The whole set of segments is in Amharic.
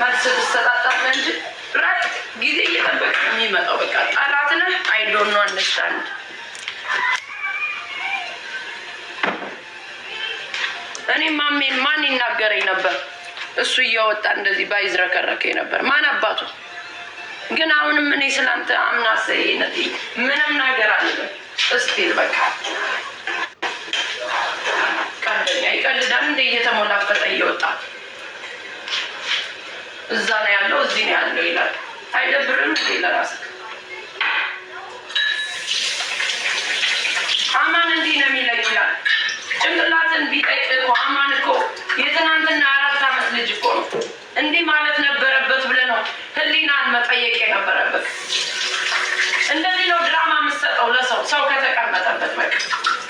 መልስ ትሰጣጣለ እንጂ ራት ጊዜ እየጠበቀ ነው የሚመጣው። በቃ ጠላት ነህ። አይ ዶንት ኖ አንደርስታንድ እኔ ማሜን ማን ይናገረኝ ነበር? እሱ እያወጣ እንደዚህ ባይዝረከረከኝ ነበር። ማን አባቱ ግን አሁንም እኔ ስላንተ አምናሰ ምንም ነገር አለ እስቲል በቃ ቀልደኛ ይቀልዳል እንደ እየተሞላፈጠ እየወጣ እዛ ነው ያለው፣ እዚህ ነው ያለው ይላል። አይደብርም እንዴ ለራስ አማን እንዲህ ነው የሚለው ይላል። ጭንቅላትን ቢጠይቅ እኮ አማን እኮ የትናንትና አራት ዓመት ልጅ እኮ ነው። እንዲህ ማለት ነበረበት ብለህ ነው ህሊናን መጠየቅ የነበረበት። እንደዚህ ነው ድራማ የምትሰጠው ለሰው ሰው ከተቀመጠበት በቃ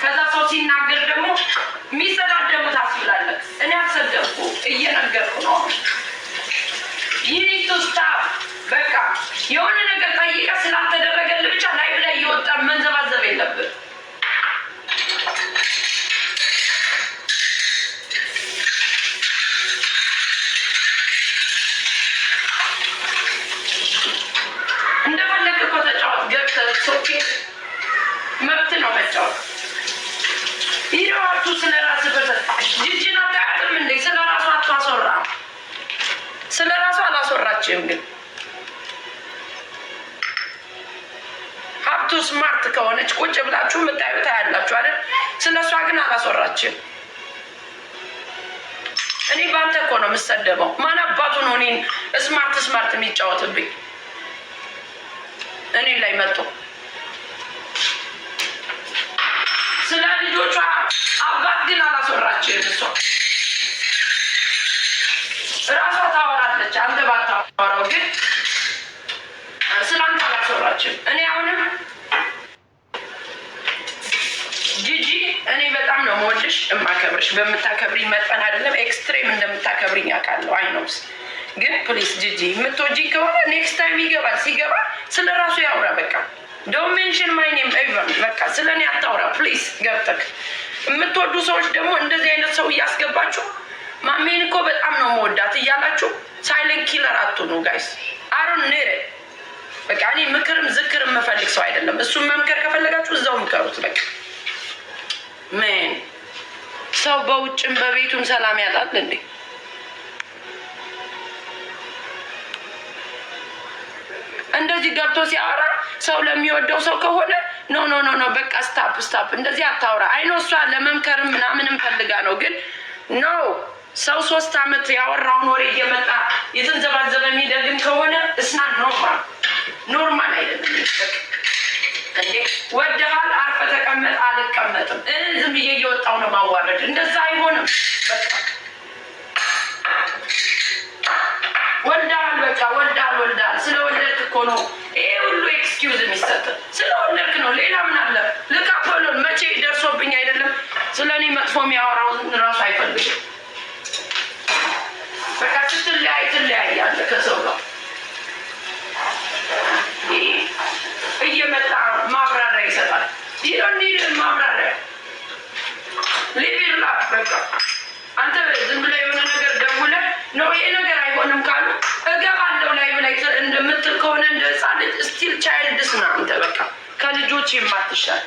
ከዛ ሰው ሲናገር ደግሞ ኒድ ቱ በቃ የሆነ ነገር ጠይቀ ስላልተደረገልህ ብቻ ላይ ላይ እየወጣን መንዘባዘብ የለብን። እንደፈለግ እኮ ተጫወት፣ ገብተህ ሶኬ መብት ነው መጫወት። ይደዋቱ ስለ ራስ በተ መቼም ግን ሀብቱ ስማርት ከሆነች ቁጭ ብላችሁ የምታዩት ታያላችሁ አይደል? ስለሷ ግን አላስወራችም። እኔ በአንተ እኮ ነው የምሰደበው። ማን አባቱ ነው እኔን ስማርት ስማርት የሚጫወትብኝ? እኔ ላይ መጡ ስለ ልጆቿ አባት ግን አላስወራችም እሷ ትችላለች። አንተ ባታወራው ግን ስላንተ አላሰራችም። እኔ አሁንም ጂጂ እኔ በጣም ነው የምወድሽ እማከብርሽ። በምታከብሪኝ መጠን አይደለም ኤክስትሬም እንደምታከብሪኝ አውቃለሁ። አይኖስ ግን ፕሊስ ጂጂ የምትወጂ ከሆነ ኔክስት ታይም ይገባል። ሲገባ ስለ ራሱ ያውራ። በቃ ዶንት ሜንሽን ማይ ኔም ኤቨን በቃ ስለ እኔ አታውራ ፕሊዝ። ገብተክ የምትወዱ ሰዎች ደግሞ እንደዚህ አይነት ሰው እያስገባችሁ ማሜን እኮ በጣም ነው መወዳት እያላችሁ ሳይለንት ኪለር አትሁኑ ጋይስ። አሮን ኔረ በቃ እኔ ምክርም ዝክር የምፈልግ ሰው አይደለም። እሱም መምከር ከፈለጋችሁ እዛው ምከሩት። በቃ ምን ሰው በውጭም በቤቱም ሰላም ያጣል እንዴ? እንደዚህ ገብቶ ሲያወራ ሰው ለሚወደው ሰው ከሆነ ኖ ኖ ኖ ኖ በቃ ስታፕ ስታፕ፣ እንደዚህ አታውራ። አይኖ እሷ ለመምከርም ምናምንም ፈልጋ ነው ግን ኖ ሰው ሶስት አመት ያወራውን ወሬ እየመጣ የተንዘባዘበ የሚደግም ከሆነ እስና ኖርማል ኖርማል አይደለም። ወደሃል አርፈ ተቀመጥ። አልቀመጥም ዝም ብዬ እየወጣው ነው ማዋረድ። እንደዛ አይሆንም። ወልዳል፣ በቃ ወልዳል፣ ወልዳል። ስለ ወለድክ እኮ ነው ይሄ ሁሉ ኤክስኪውዝ የሚሰጥ። ስለ ወለድክ ነው። ሌላ ምን አለ ልቃበሎን ከሆነ እንደ ህፃን ልጅ ስቲል ቻይልድስ ነው አንተ። በቃ ከልጆች የማትሻል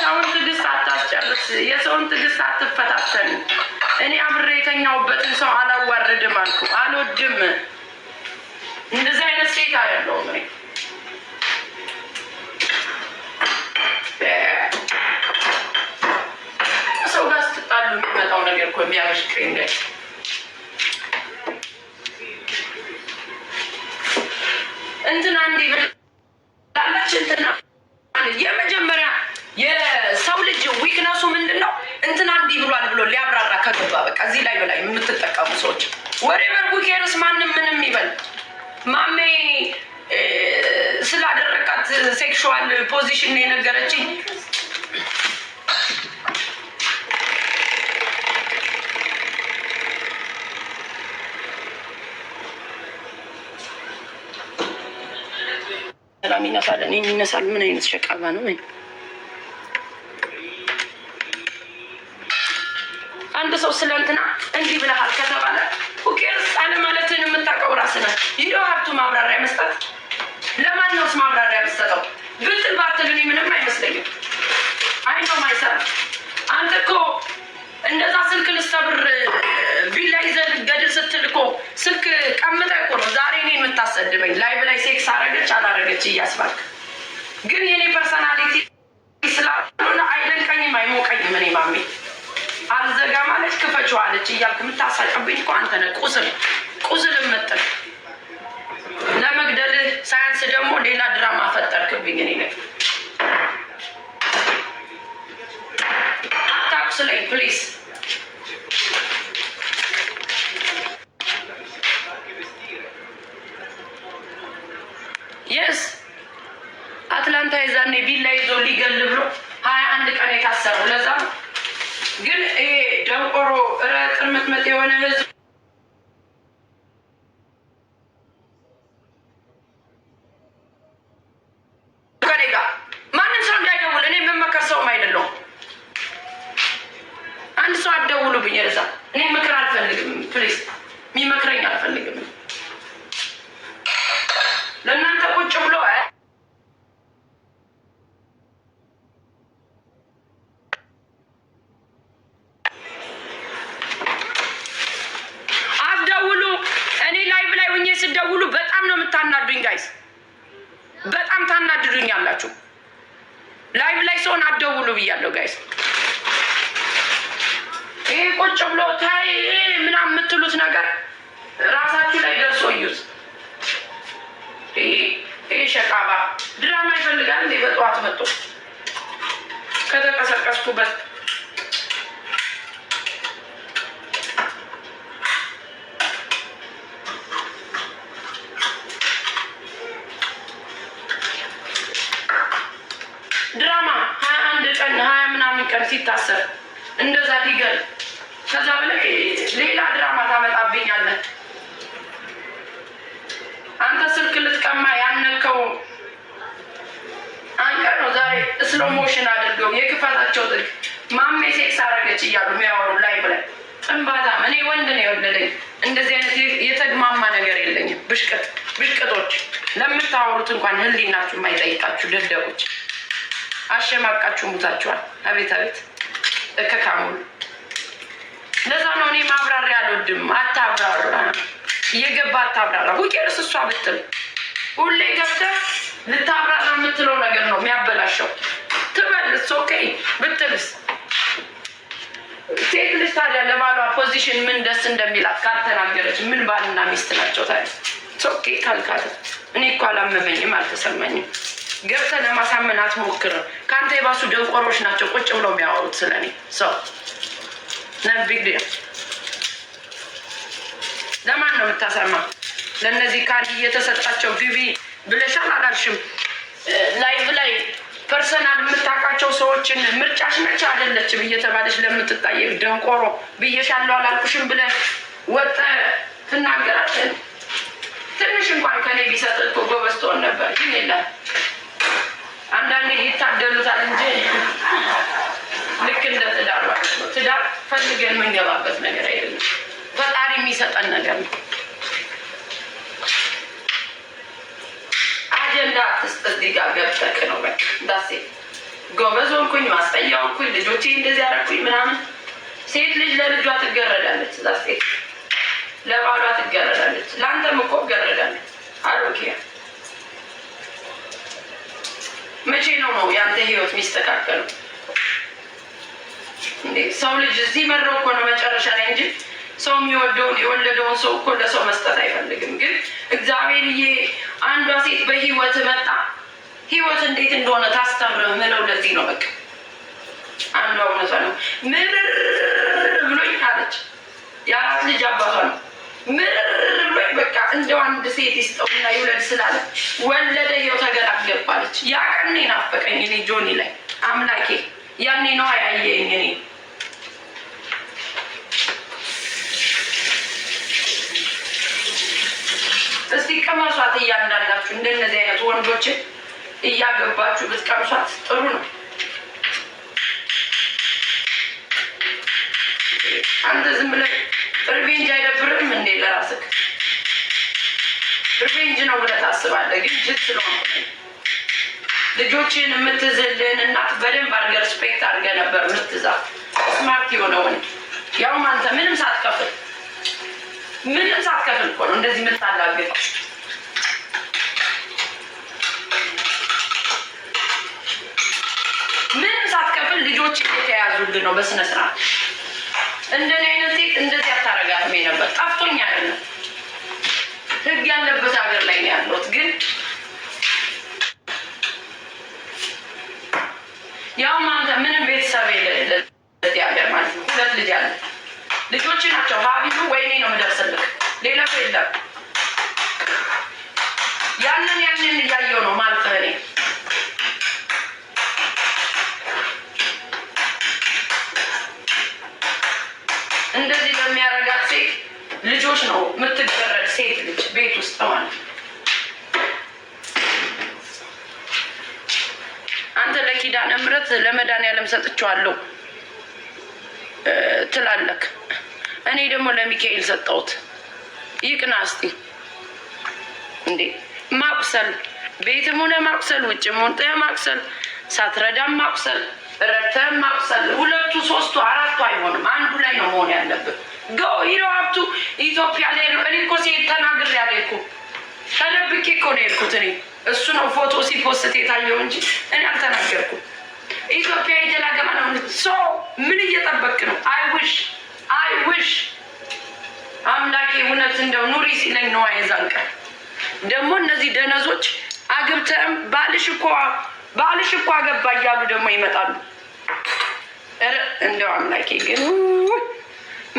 ሰውን ትዕግስት አታስጨርስ። የሰውን ትዕግስት አትፈታተን። እኔ አብሬ የተኛውበትን ሰው አላዋርድም አልኩ፣ አልወድም። እንደዚህ አይነት ሴት ያለው ሰው ጋር ስትጣሉ የሚመጣው ነገር እኮ የሚያመሽክር እንትና እንዲህ ብላለች እንትና የመጀመሪያ የሰው ልጅ ዊክነሱ ምንድን ነው? እንትና እንዲህ ብሏል ብሎ ሊያብራራ ከገባ በቃ እዚህ ላይ በላይ የምትጠቀሙ ሰዎች ወሬ በርኩ ኬርስ ማንም ምንም ይበል ማሜ ስላደረቃት ሴክሹዋል ፖዚሽን የነገረችኝ በጣም ይነሳል። እኔ ይነሳል። ምን አይነት ሸቃባ ነው? አንድ ሰው ስለ እንትና እንዲህ ብለሃል ከተባለ ሁቄርስ አለማለትን የምታውቀው ራስ ነህ። ይህ ሀብቱ ማብራሪያ መስጠት ለማን ነውስ ማብራሪያ የምትሰጠው? ብትል ባትል እኔ ምንም አይመስለኝም። አይ ነው ማይሰራ አንተ እኮ እንደዛ ስልክ ልሰብር ቢላ ይዘህ ገድል ስትል እኮ ስልክ ቀምጠህ እኮ ነው ዛሬ እኔ የምታሰድበኝ። ላይቭ ላይ ሴክስ አረገች አላረገች እያስባልክ ግን የኔ ፐርሰናሊቲ ስላልሆነ አይደንቀኝም፣ አይሞቀኝም። እኔ ማሜ አልዘጋ ማለች ክፈችዋለች እያልክ የምታሳቀብኝ እኮ አንተ ነህ። ቁስል ቁስል ይሄ ደንቆሮ እረጥ የምትመጥ የሆነ ህዝብ ሸቃባ ድራማ ይፈልጋል እንዴ? በጠዋት መጡ ከተቀሰቀስኩበት ድራማ ሀያ አንድ ቀን ሀያ ምናምን ቀን ሲታሰር እንደዛ ሊገል ጥንባታም እኔ ወንድ ነው የወለደኝ። እንደዚህ አይነት የተግማማ ነገር የለኝም። ብሽቅጥ ብሽቅጦች ለምታወሩት እንኳን ህሊናችሁ የማይጠይቃችሁ ደደቦች አሸማቃችሁ ሙታችኋል። አቤት አቤት እከካሙሉ ለዛ ነው እኔ ማብራሪያ አልወድም። አታብራራ፣ እየገባ አታብራራ። ውቄርስ እሷ ብትል ሁሌ ገብተህ ልታብራራ የምትለው ነገር ነው የሚያበላሸው። ትበልስ ኦኬ ብትልስ ሴት ልጅ ታዲያ ለባሏ ፖዚሽን ምን ደስ እንደሚላት ካልተናገረች ምን ባልና ሚስት ናቸው ታዲያ? ሶኬ ካልካለ እኔ እኮ አላመመኝም፣ አልተሰማኝም። ገብተ ለማሳመን አትሞክርም። ከአንተ የባሱ ደንቆሮች ናቸው ቁጭ ብለው የሚያወሩት ስለኔ ሰው ነቢግ ለማን ነው የምታሰማ? ለእነዚህ ካድ እየተሰጣቸው ግቢ ብለሻል አላልሽም? ላይቭ ላይ ፐርሰናል የምታውቃቸው ሰዎችን ምርጫሽ መቼ አይደለችም እየተባለች ለምትጣየቅ ደንቆሮ ብዬሻለሁ አላልኩሽም ብለህ ወጥተህ ትናገራለህ። ትንሽ እንኳን ከኔ ቢሰጥ እኮ ጎበዝ ትሆን ነበር፣ ግን የለም። አንዳንዴ ይታደሉታል እንጂ ልክ እንደ ትዳር ትዳር ፈልገን የምንገባበት ነገር አይደለም፣ ፈጣሪ የሚሰጠን ነገር ነው። አጀንዳ አትስጥ። እዚህ ጋር ገብተክ ነው እንዳሴ ጎበዝ ሆንኩኝ፣ ማስጠያ ሆንኩኝ፣ ልጆቼ እንደዚህ አደረኩኝ ምናምን። ሴት ልጅ ለልጇ ትገረዳለች። እዛ ለባሏ ትገረዳለች። ለአንተም እኮ ትገረዳለች። አሮኪያ መቼ ነው ነው የአንተ ህይወት የሚስተካከለው? እንዴ ሰው ልጅ እዚህ መረው እኮ ነው መጨረሻ ላይ እንጂ ሰው የሚወደውን የወለደውን ሰው እኮ ለሰው መስጠት አይፈልግም ግን እግዚአብሔር ይ አንዷ ሴት በህይወት መጣ። ህይወት እንዴት እንደሆነ ታስተምር ምለው ለዚህ ነው በቃ አንዷ እውነቷ ነው። ምርር ብሎኝ አለች። የአራት ልጅ አባቷ ነው። ምርር ብሎኝ በቃ እንደው አንድ ሴት ይስጠውና ይውለድ ስላለ ወለደ። የው ተገላገልኩ አለች። ያ ቀን ናፈቀኝ እኔ ጆኒ ላይ አምላኬ፣ ያኔ ነው ያየኝ እኔ እስቲ ቀመሷት እያንዳንዳችሁ እንደነዚህ አይነት ወንዶችን እያገባችሁ ብትቀምሷት ጥሩ ነው። አንተ ዝም ብለህ ሪቬንጅ አይደብርም እንዴ? ለራስህ ሪቬንጅ ነው ብለህ ታስባለህ፣ ግን ጅት ስለሆነ ልጆችን የምትዝልን እናት በደንብ አድርገህ ሪስፔክት አድርገህ ነበር ምትዛ። ስማርት የሆነ ወንድ ያውም አንተ ምንም ሳትከፍል ምንም ሳትከፍል እኮ ነው እንደዚህ የምታላገጥ። ምንም ሳትከፍል ልጆች የተያዙልን ነው በስነ ስርዓት። እንደኔ አይነት ሴት እንደዚህ አታረጋትም ነበር። ጠፍቶኝ አይደለም ህግ ያለበት ሀገር ላይ ነው ያለሁት ግን ያው አንተ ምንም ቤተሰብ የለም። ያንን ያንን እያየው ነው ማለት እኔ እንደዚህ በሚያረጋት ሴት ልጆች ነው የምትገረድ ሴት ልጅ ቤት ውስጥ ማለት አንተ ለኪዳነ ምሕረት ለመድኃኒዓለም ሰጥቼዋለሁ ትላለክ፣ እኔ ደግሞ ለሚካኤል ሰጠሁት። ይቅና እስቲ እንዴ ማቁሰል ቤትም ሆነ ማቁሰል፣ ውጭ ሆነ ማቁሰል፣ ሳትረዳም ማቁሰል፣ ረድተህም ማቁሰል። ሁለቱ ሶስቱ አራቱ አይሆንም፣ አንዱ ላይ ነው መሆን ያለብን። ጎ ሂሮ ሀብቱ ኢትዮጵያ ላይ ነው። እኔ እኮ ሴት ተናግሬ አልሄድኩም፣ ተደብቄ እኮ ነው የሄድኩት። እኔ እሱ ነው ፎቶ ሲፖስት የታየው እንጂ እኔ አልተናገርኩም። ኢትዮጵያ የጀላገማ ነው። ሶ ምን እየጠበቅ ነው? አይ ዊሽ አምላኬ እውነት እንደው ኑሪ ሲለኝ ነዋ የዛን ቀን። ደግሞ እነዚህ ደነዞች አግብተም ባልሽ እኮ ባልሽ እኮ አገባ እያሉ ደግሞ ይመጣሉ። ኧረ እንደው አምላኬ ግን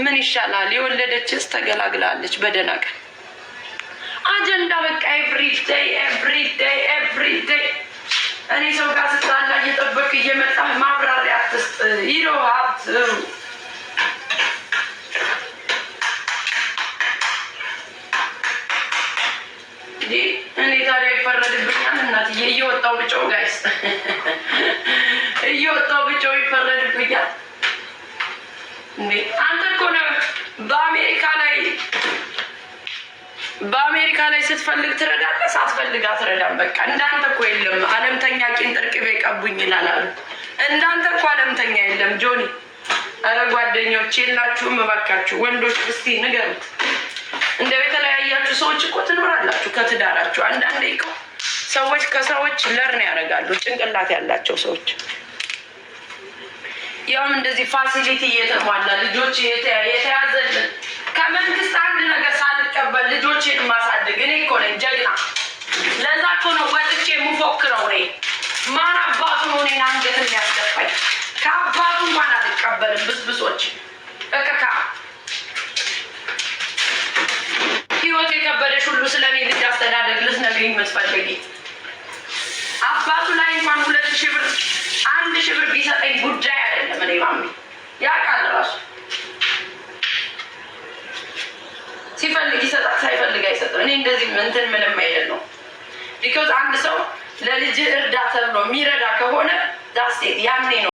ምን ይሻላል? የወለደችስ ተገላግላለች በደህና ቀን አጀንዳ በቃ ኤቭሪ ኤሪ ኤቭሪ እኔ ሰው ጋር ስታላ እየጠበቅ እየመጣ ማብራሪያ አትስጥ ይሮ እኔ ታዲያ ይፈረድብኛል እናትዬ፣ እየወጣው ብጨው ጋይስ፣ እየወጣው ብጨው ይፈረድብኛል። አንተ እኮ ነው በአሜሪካ ላይ በአሜሪካ ላይ ስትፈልግ ትረዳለህ፣ ሳትፈልግ አትረዳም። በቃ እንዳንተ እኮ የለም አለምተኛ ቂን ጥርቅቤ ቀቡኝ ይላል አሉ። እንዳንተ እኮ አለምተኛ የለም ጆኒ። ኧረ ጓደኞች የላችሁም እባካችሁ ወንዶች፣ እስቲ ንገሩት እንደ ቤተ ያላችሁ ሰዎች እኮ ትኖራላችሁ ከትዳራችሁ። አንዳንዴ እኮ ሰዎች ከሰዎች ለርን ያደርጋሉ ጭንቅላት ያላቸው ሰዎች ያውም እንደዚህ ፋሲሊቲ እየተሟላ ልጆች የተያዘልን ከመንግስት አንድ ነገር ሳልቀበል ልጆችን ማሳደግ። እኔ እኮ ነኝ ጀግና። ለዛ እኮ ነው ወጥቼ የምፎክረው። እኔ ማን አባቱ ነው እኔን አንገት የሚያስደፋኝ? ከአባቱ እንኳን አልቀበልም። ብስብሶች እከካ ስለ እኔ ልጅ አስተዳደግ ልትነግሪኝ የምትፈልጊ? አባቱ ላይ እንኳን ሁለት ሺህ ብር አንድ ሺህ ብር ቢሰጠኝ ጉዳይ አይደለም። እኔ ማሚ ያውቃል ራሱ ሲፈልግ ይሰጣል፣ ሳይፈልግ አይሰጥም። እኔ እንደዚህ እንትን ምንም አይደል ነው ቢኮዝ አንድ ሰው ለልጅ እርዳ ተብሎ የሚረዳ ከሆነ ዳስቴት ያኔ ነው